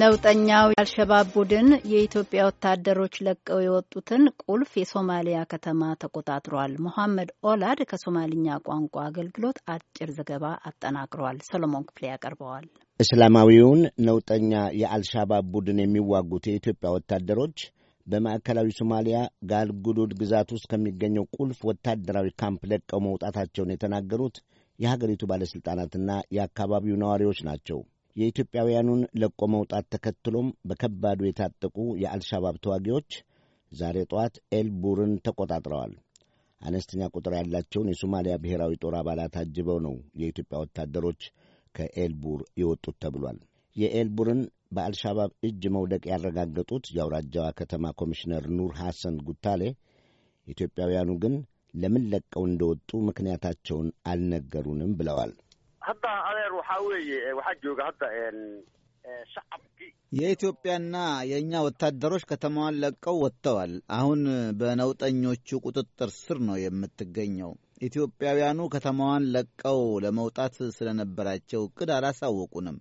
ነውጠኛው የአልሸባብ ቡድን የኢትዮጵያ ወታደሮች ለቀው የወጡትን ቁልፍ የሶማሊያ ከተማ ተቆጣጥሯል። ሞሐመድ ኦላድ ከሶማልኛ ቋንቋ አገልግሎት አጭር ዘገባ አጠናቅሯል። ሰሎሞን ክፍሌ ያቀርበዋል። እስላማዊውን ነውጠኛ የአልሻባብ ቡድን የሚዋጉት የኢትዮጵያ ወታደሮች በማዕከላዊ ሶማሊያ ጋልጉዱድ ግዛት ውስጥ ከሚገኘው ቁልፍ ወታደራዊ ካምፕ ለቀው መውጣታቸውን የተናገሩት የሀገሪቱ ባለሥልጣናትና የአካባቢው ነዋሪዎች ናቸው። የኢትዮጵያውያኑን ለቆ መውጣት ተከትሎም በከባዱ የታጠቁ የአልሻባብ ተዋጊዎች ዛሬ ጠዋት ኤልቡርን ተቆጣጥረዋል። አነስተኛ ቁጥር ያላቸውን የሶማሊያ ብሔራዊ ጦር አባላት አጅበው ነው የኢትዮጵያ ወታደሮች ከኤልቡር የወጡት ተብሏል። የኤልቡርን በአልሻባብ እጅ መውደቅ ያረጋገጡት የአውራጃዋ ከተማ ኮሚሽነር ኑር ሐሰን ጉታሌ ኢትዮጵያውያኑ ግን ለምን ለቀው እንደወጡ ምክንያታቸውን አልነገሩንም ብለዋል። የኢትዮጵያና የእኛ ወታደሮች ከተማዋን ለቀው ወጥተዋል። አሁን በነውጠኞቹ ቁጥጥር ስር ነው የምትገኘው። ኢትዮጵያውያኑ ከተማዋን ለቀው ለመውጣት ስለነበራቸው እቅድ አላሳወቁንም።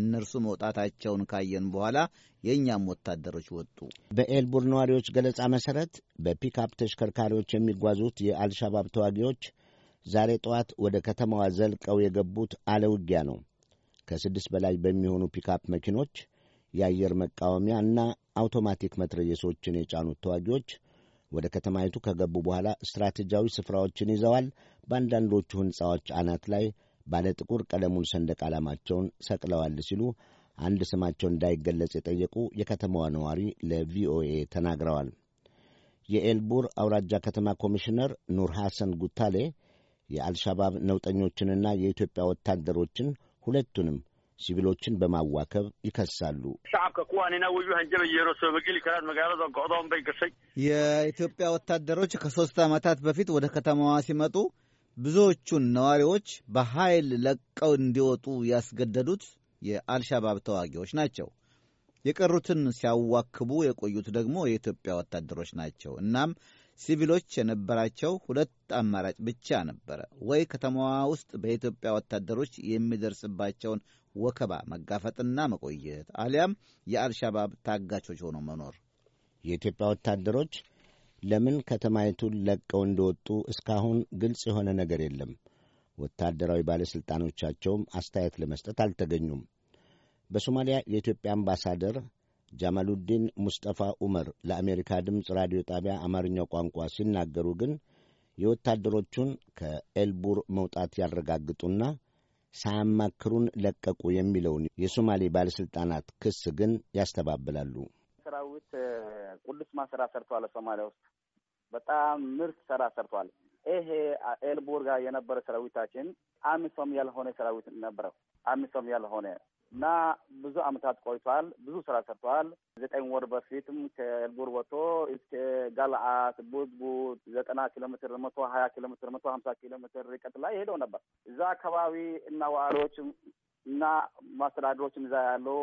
እነርሱ መውጣታቸውን ካየን በኋላ የእኛም ወታደሮች ወጡ። በኤልቡር ነዋሪዎች ገለጻ መሠረት በፒክአፕ ተሽከርካሪዎች የሚጓዙት የአልሻባብ ተዋጊዎች ዛሬ ጠዋት ወደ ከተማዋ ዘልቀው የገቡት አለውጊያ ነው። ከስድስት በላይ በሚሆኑ ፒክአፕ መኪኖች የአየር መቃወሚያ እና አውቶማቲክ መትረየሶችን የጫኑት ተዋጊዎች ወደ ከተማይቱ ከገቡ በኋላ ስትራቴጂያዊ ስፍራዎችን ይዘዋል። በአንዳንዶቹ ሕንፃዎች አናት ላይ ባለ ጥቁር ቀለሙን ሰንደቅ ዓላማቸውን ሰቅለዋል ሲሉ አንድ ስማቸው እንዳይገለጽ የጠየቁ የከተማዋ ነዋሪ ለቪኦኤ ተናግረዋል። የኤልቡር አውራጃ ከተማ ኮሚሽነር ኑር ሐሰን ጉታሌ የአልሻባብ ነውጠኞችንና የኢትዮጵያ ወታደሮችን ሁለቱንም ሲቪሎችን በማዋከብ ይከሳሉ። የኢትዮጵያ ወታደሮች ከሦስት ዓመታት በፊት ወደ ከተማዋ ሲመጡ ብዙዎቹን ነዋሪዎች በኃይል ለቀው እንዲወጡ ያስገደዱት የአልሻባብ ተዋጊዎች ናቸው። የቀሩትን ሲያዋክቡ የቆዩት ደግሞ የኢትዮጵያ ወታደሮች ናቸው። እናም ሲቪሎች የነበራቸው ሁለት አማራጭ ብቻ ነበረ። ወይ ከተማዋ ውስጥ በኢትዮጵያ ወታደሮች የሚደርስባቸውን ወከባ መጋፈጥና መቆየት፣ አሊያም የአልሻባብ ታጋቾች ሆኖ መኖር። የኢትዮጵያ ወታደሮች ለምን ከተማይቱን ለቀው እንደወጡ እስካሁን ግልጽ የሆነ ነገር የለም። ወታደራዊ ባለሥልጣኖቻቸውም አስተያየት ለመስጠት አልተገኙም። በሶማሊያ የኢትዮጵያ አምባሳደር ጃማሉዲን ሙስጠፋ ኡመር ለአሜሪካ ድምፅ ራዲዮ ጣቢያ አማርኛው ቋንቋ ሲናገሩ ግን የወታደሮቹን ከኤልቡር መውጣት ያረጋግጡና ሳያማክሩን ለቀቁ የሚለውን የሶማሌ ባለሥልጣናት ክስ ግን ያስተባብላሉ። እንዳሉት ቅዱስ ማሰራ ሰርቷል። ሶማሊያ ውስጥ በጣም ምርት ስራ ሰርቷል። ይሄ ኤልቦርጋ የነበረ ሰራዊታችን አሚሶም ያልሆነ ሰራዊት ነበረ። አሚሶም ያልሆነ እና ብዙ አመታት ቆይቷል። ብዙ ስራ ሰርተዋል። ዘጠኝ ወር በፊትም ከኤልቡር ወጥቶ እስከ ጋልአት፣ ቡድቡድ ዘጠና ኪሎ ሜትር፣ መቶ ሀያ ኪሎ ሜትር፣ መቶ ሀምሳ ኪሎ ሜትር ርቀት ላይ ሄደው ነበር። እዛ አካባቢ እና ዋሪዎችም እና ማስተዳደሮችም እዛ ያለው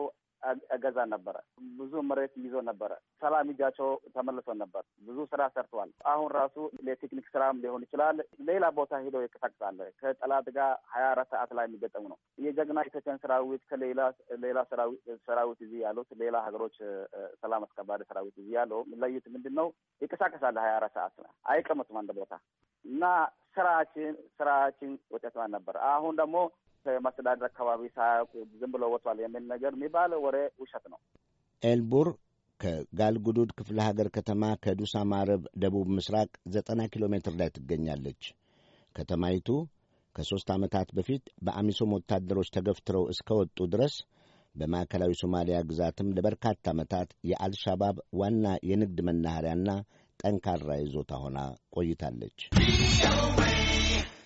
እገዛ ነበረ። ብዙ መሬት ይዞ ነበረ። ሰላም እጃቸው ተመልሶ ነበር። ብዙ ስራ ሰርተዋል። አሁን ራሱ ለቴክኒክ ስራም ሊሆን ይችላል። ሌላ ቦታ ሄደው ይቀሳቅሳል። ከጠላት ጋር ሀያ አራት ሰዓት ላይ የሚገጠሙ ነው። የጀግና ኢትዮጵያን ሰራዊት ከሌላ ሌላ ሰራዊት እዚህ ያሉት ሌላ ሀገሮች ሰላም አስከባሪ ሰራዊት እዚህ ያለው ለዩት ምንድን ነው ይቀሳቀሳል። ሀያ አራት ሰዓት አይቀመጡም አንድ ቦታ እና ስራችን ስራችን ውጤት ነበር። አሁን ደግሞ ከመስተዳድር አካባቢ ሳያውቁ ዝም ብሎ ወጥቷል የሚል ነገር የሚባለ ወሬ ውሸት ነው። ኤልቡር ከጋልጉዱድ ክፍለ ሀገር ከተማ ከዱሳ ማረብ ደቡብ ምስራቅ ዘጠና ኪሎ ሜትር ላይ ትገኛለች። ከተማይቱ ከሦስት ዓመታት በፊት በአሚሶም ወታደሮች ተገፍትረው እስከ ወጡ ድረስ በማዕከላዊ ሶማሊያ ግዛትም ለበርካታ ዓመታት የአልሻባብ ዋና የንግድ መናኸሪያና ጠንካራ ይዞታ ሆና ቆይታለች።